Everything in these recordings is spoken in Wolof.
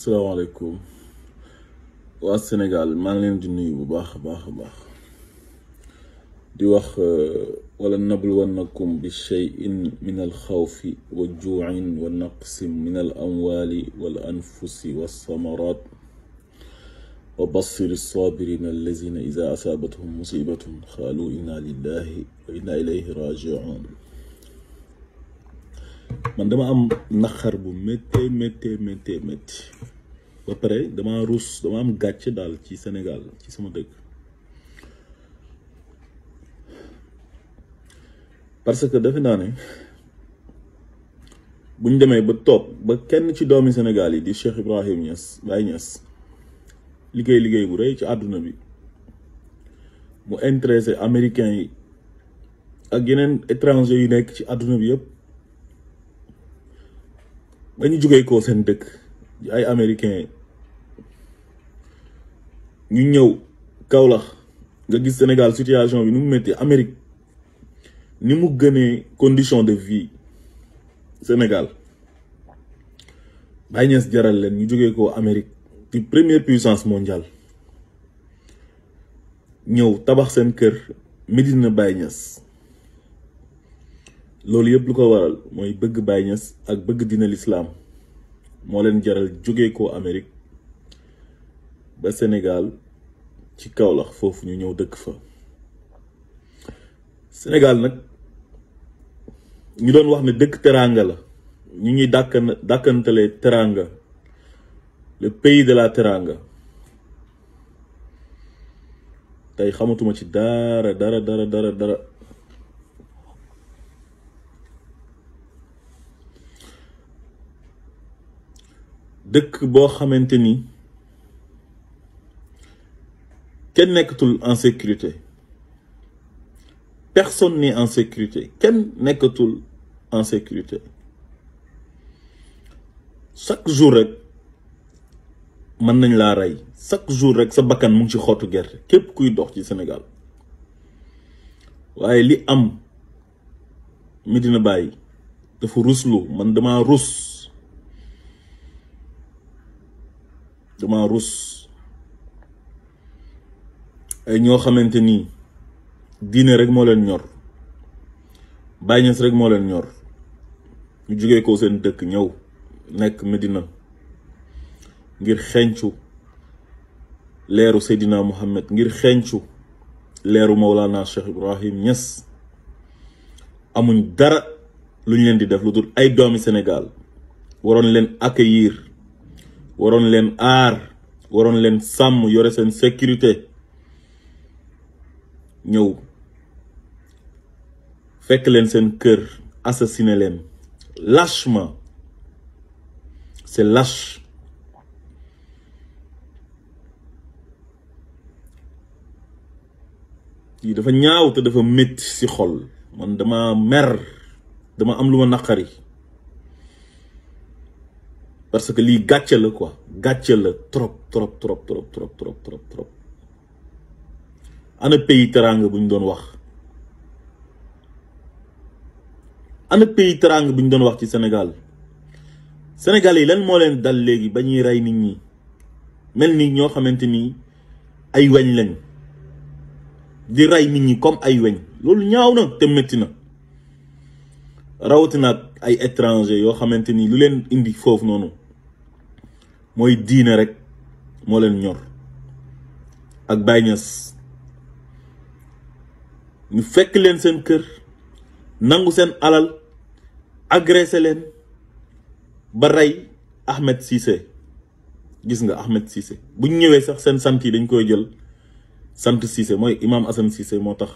salaamaaleykum waa Sénégal maa ngi leen di nuyu bu baax a baax a baax di wax euh, wala nabluwannakum bi cheyin min al xawfi wa juuin wa naqsin min al amwaali wal anfusi wassamaraat wa bassiri saabirina allazina ida asaabathum musibatun qaalu inna lillahi wa inna ilayhi rajiun man dama am naqar bu méttee méttee méttee métti ba pare dama ruus dama am gàcce daal ci Sénégal ci sama dëkk parce que defe naa ne buñ demee ba toog ba kenn ci doomi Sénégal yi di Cheikh Ibrahim ñas Baye Niass liggéey liggéey bu rëy ci àdduna bi mu intéressé américain yi ak yeneen étranger yu nekk ci àdduna bi yëpp ba ñu jógee ko seen dëkk ay américain ñu ñëw Kaolack nga gis Sénégal situation bi ni mu métti Amérique ni mu gënee condition de vie Sénégal Baye jaral leen ñu jógee ko Amérique di première puissance mondiale ñëw tabax seen kër Medina Baye Niass loolu yëpp lu ko waral mooy bëgg Baye ak bëgg dina lislaam moo leen jaral jóge ko Amérique ba Sénégal ci Kaolack foofu ñu ñëw dëkk fa Sénégal nag ñu doon wax ne dëkk teranga la ñu ñuy dàkkan dàkkantale teranga le pays de la teranga tey xamatuma ci dara dara dara dara dara dëkk boo xamante ni kenn nekkatul en sécurité personne n'est en sécurité kenn nekkatul en sécurité chaque jour rek mën nañ laa rey chaque jour rek sa bakkan mu ngi ci xottu gerte képp kuy dox ci Sénégal waaye li am Medina bàyyi dafa ruslu man dama rus dama rus ay ñoo xamante ni diine rek moo leen ñor Baay Ñas rek moo leen ñor ñu jógee ko seen dëkk ñëw nekk Medina ngir xencu leeru Seydina Muhammad ngir xeencu leeru Mawlana Cheikh Ibrahim Ñas amuñ dara lu ñu leen di def lu dul ay doomi Sénégal waroon leen accueillir waroon leen aar waroon leen sàmm yore seen sécurité ñëw fekk leen seen kër assassiné leen lâchement c'est lâche lii dafa ñaaw te dafa métti ci xol man dama mer dama am lu ma naqari parce que lii gàcce la ko gàcce la trop trop trop trop trop trop trop trop ana pays teraanga bu ñu doon wax ana pays teraanga bu ñu doon wax ci Sénégal Sénégal yi lan moo leen dal léegi ba ñuy rey nit ñi mel ni ñoo xamante ni ay weñ lañ di rey nit ñi comme ay weñ loolu ñaaw na te métti na rawatina ak ay étranger yoo xamante ni lu leen indi foofu noonu mooy diine rek moo leen ñor ak Baay ñu fekk leen seen kër nangu seen alal agressé leen ba rey Ahmed Cissé gis nga Ahmed Cissé bu ñu ñëwee sax seen sant yi dañ koy jël sant Cissé mooy imaam assan Cissé moo tax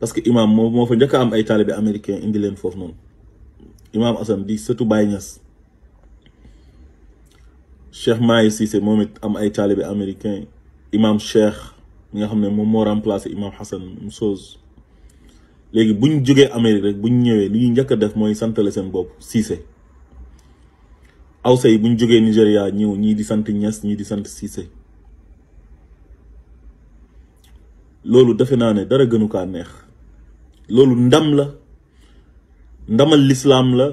parce que imaam moo moo fa njëkk am ay taalibe américain indi leen foofu noonu imaam Assane di sëtu Baay Ñas Cheikh Mahi Cissé moom it am ay taalibe américain imam Cheikh mi nga xam ne moom moo remplacé imam Hassan Msoz léegi bu ñu jógee Amérique rek bu ñëwee li ñuy njëkk a def mooy santale seen bopp Cissé awsa yi bu ñu jógee Nigéria ñëw ñii di sant Niass ñii di sant Cissé loolu defe naa ne dara gënu kaa neex loolu ndam la ndamal lislaam la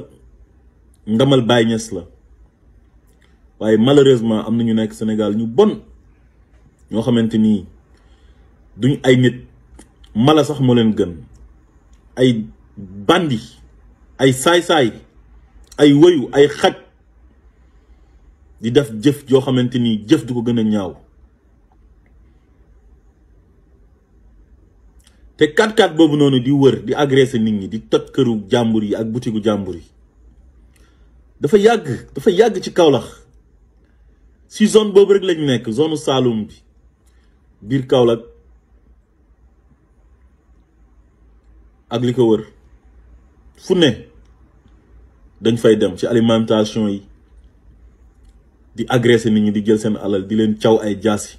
ndamal Baay Ñas la waaye malheureusement am na ñu nekk Sénégal ñu bon ñoo xamante ni duñ ay nit mala sax moo leen gën ay bandi ay saay-saay ay wëyu ay xaj di def jëf joo xamante ni jëf du ko gën a ñaaw te 4 x boobu noonu di wër di agressé nit ñi di toj këru jàmbur yi ak butigu jàmbur yi dafa yàgg dafa yàgg ci Kaolack si zone boobu rek lañu nekk zone Saloum bi biir Kaolack ak li ko wër fu ne dañ fay dem ci alimentation yi di agresser nit ñi di jël seen alal di leen caw ay jaasi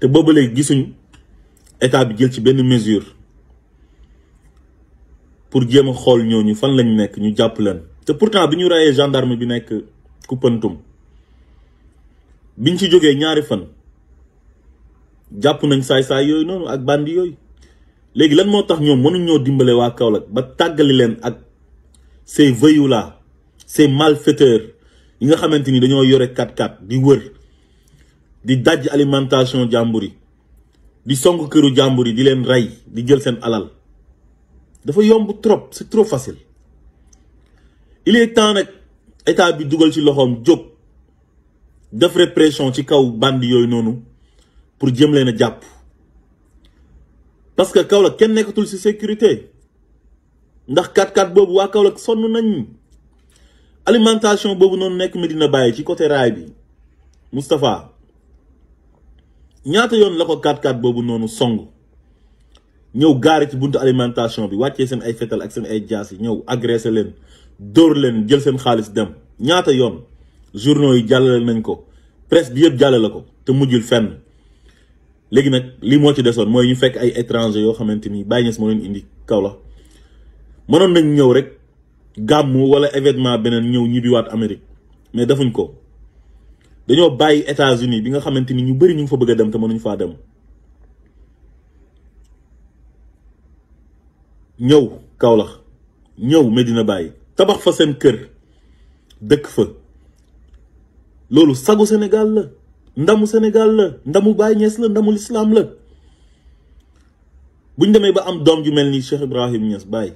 te boobu léegi gisuñ état bi jël ci benn mesure pour jéem a xool ñu fan lañ nekk ñu jàpp leen te pourtant bi ñu rayee gendarme bi nekk. kuppantum biñ ci jógee ñaari fan jàpp nañ saay-saay yooyu noonu ak bandi yooyu léegi lan moo tax ñoo mënuñoo dimbale waa Kaolack ba tàggali leen ak ces voyous là ces malfaiteurs yi nga xamante ni dañoo yore 4x4 di wër di dàjj alimentation jàmbur yi di song këru jàmbur yi di leen rey di jël seen alal dafa yomb trop c'est trop facile il est temps nag état bi dugal ci loxoom jóg def pression ci kaw bandi yooyu noonu pour jëm leen a jàpp parce que Kaolack kenn nekkatul ci sécurité ndax 4-4 boobu waa Kaolack sonn nañ alimentation boobu noonu nekk mi dina bàyyi ci côté raay bi Moustapha ñaata yoon la ko 4-4 boobu noonu song ñëw gaari ci buntu alimentation bi wàccee seen ay fetal ak seen ay jaas yi ñëw agressé leen dóor leen jël seen xaalis dem ñaata yoon journaux yi jàllale nañ ko presse bi yëpp jàllale ko te mujjul fenn léegi nag lii moo ci desoon mooy ñu fekk ay étranger yoo xamante ni bàyyi Niass moo leen indi Kaolack mënoon nañ ñëw rek gàmmu wala événement beneen ñëw ñibbiwaat Amérique mais defuñ ko dañoo bàyyi États-Unis bi nga xamante ni ñu bëri ñu ngi fa bëgg a dem te mënuñ faa dem ñëw kawlax ñëw Medina bàyyi tabax fa seen kër dëkk fa loolu sagu Sénégal la ndamu Sénégal la ndamu Baye Niass la ndamu lislaam la buñ demee ba am doom ju mel ni Cheikh Ibrahim Niass Baye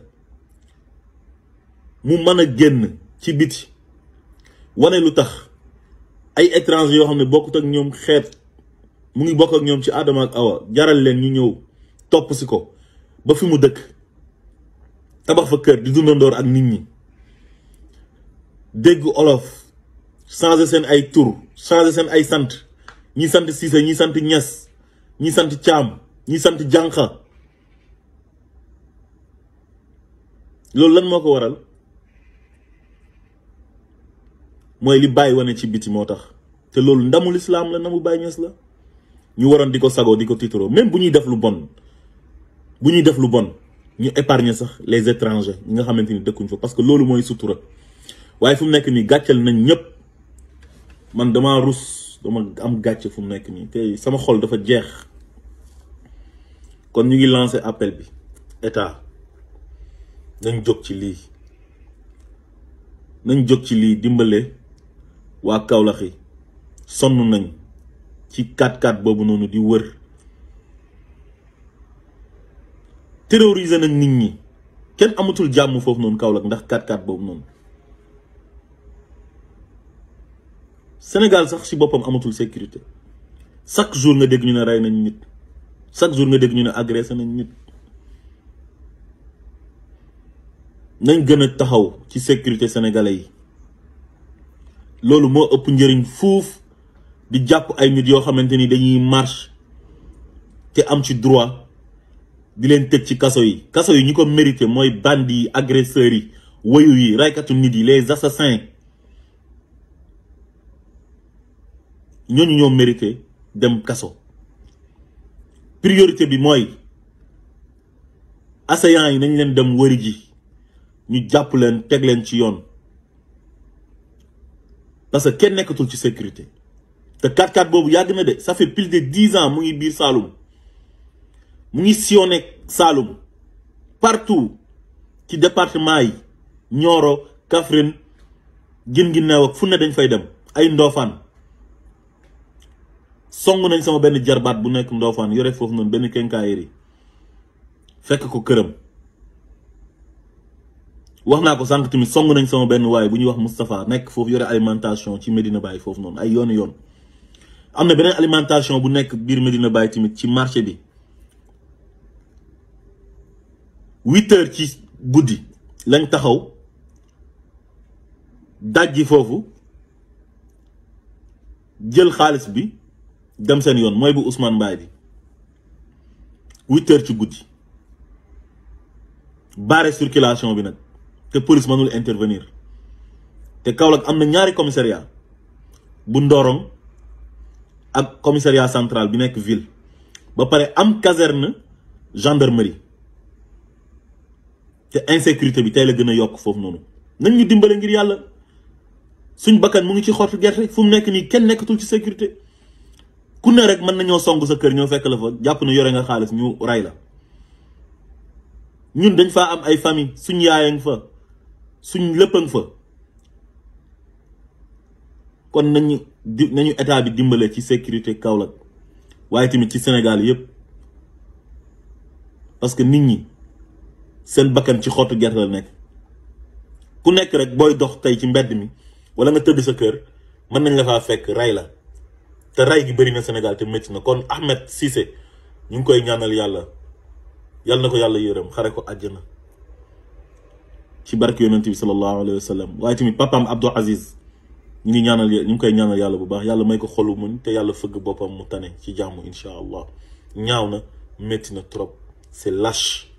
mu mën a génn ci biti wane lu tax ay étranger yoo xam ne bokkut ak ñoom xeet mu ngi bokk ak ñoom ci aadama ak Awa jaral leen ñu ñëw topp si ko ba fi mu dëkk tabax fa kër di dundandoor ak nit ñi dégg olof changé seen ay tur changé seen ay sant ñi sant Cissé ñi sant ñas ñi sant caam ñi sant Jànqa loolu lan moo ko waral mooy li bàyyi wane ci biti moo tax te loolu ndamul islaam la na mu bàyyi ñes la ñu waroon di ko sagoo di ko tiitaroo même bu ñuy def lu bon bu ñuy def lu bon ñu épargner sax les étrangers ñi nga xamante ni dëkkuñ fa parce que loolu mooy sutura waaye fu mu nekk nii gàccal nañ ñëpp man dama rus dama am gàcce fu mu nekk nii te sama xol dafa jeex kon ñu ngi lancé appel bi état nañ jóg ci lii nañ jóg ci lii dimbale waa Kaolack yi sonn nañ ci 4-4 boobu noonu di wër terroriser nañ nit ñi kenn amatul jàmm foofu noonu Kaolack ndax 4-4 boobu noonu. Sénégal sax si boppam amatul sécurité chaque jour nga dégg ñu ne rey nañ nit chaque jour nga dégg ñu ne agressé nañ nit nañ gën a taxaw ci sécurité sénégalais yi loolu moo ëpp njëriñ fuuf di jàpp ay nit yoo xamante ni dañuy marche te am ci droit di leen tëj ci kaso yi kaso yi ñu ko mérité mooy bandi yi agresseurs yi woyu yi raykatu nit yi les assassins ñooñu ñoo mérité dem kaso priorité bi mooy assaillants yi nañ leen dem wëri ji ñu jàpp leen teg leen ci yoon parce que kenn nekkatul ci sécurité te 4-4 boobu yàgg na de ça fait de dix ans mu ngi biir Saloum mu ngi sillonné Saloum partout ci département yi Nioro Kaffrine Guinguinéo ak fu ne dañ fay dem ay ndoofaan song nañ sama benn jarbaat bu nekk ndoofaan yore foofu noonu benn kenkaayeri fekk ko këram wax naa ko sant tamit song nañ sama benn waaye bu ñuy wax Moustapha nekk foofu yore alimentation ci Medina bàyyi foofu noonu ay yoon yoon am na beneen alimentation bu nekk biir Medina bàyyi tamit ci marché bi huit ci guddi lañ taxaw dajji foofu jël xaalis bi dem seen yoon mooy bu Ousmane Mbaye bi huit heures ci guddi barre circulation bi nag te police mënul intervenir te Kaolack am na ñaari commissariat bu Ndorong ak commissariat centrale bi nekk ville ba pare am caserne gendarmerie te insécurité bi tey la gën a yokk foofu noonu nañ ñu dimbale ngir yàlla suñ bakkan mu ngi ci xottu gerte fu mu nekk nii kenn nekkatul ci sécurité ku ne rek mën nañoo song sa kër ñoo fekk la fa jàpp ne yore nga xaalis ñu ray la ñun dañ faa am ay famille suñ yaayang fa suñ lëppang fa kon nañu di nañu état bi dimbalee ci sécurité Kaolack waaye tamit ci Sénégal yëpp parce que nit ñi seen bakkan ci xottu gerte la nekk ku nekk rek booy dox tey ci mbedd mi wala nga tëdd sa kër mën nañ la faa fekk ray la te ray gi bëri na Sénégal te métti na kon Ahmed Cissé ñu ngi koy ñaanal yàlla yàlla na ko yàlla yërëm xare ko àjjana ci barke yonent bi sallallahu alayhi wa sallam waaye tamit papaam Abdou Aziz ñu ngi ñaanal ñu ngi koy ñaanal yàlla bu baax yàlla may ko xolu mun te yàlla fëgg boppam mu tane ci jàmm incha allah ñaaw na metti na trop c'est lâche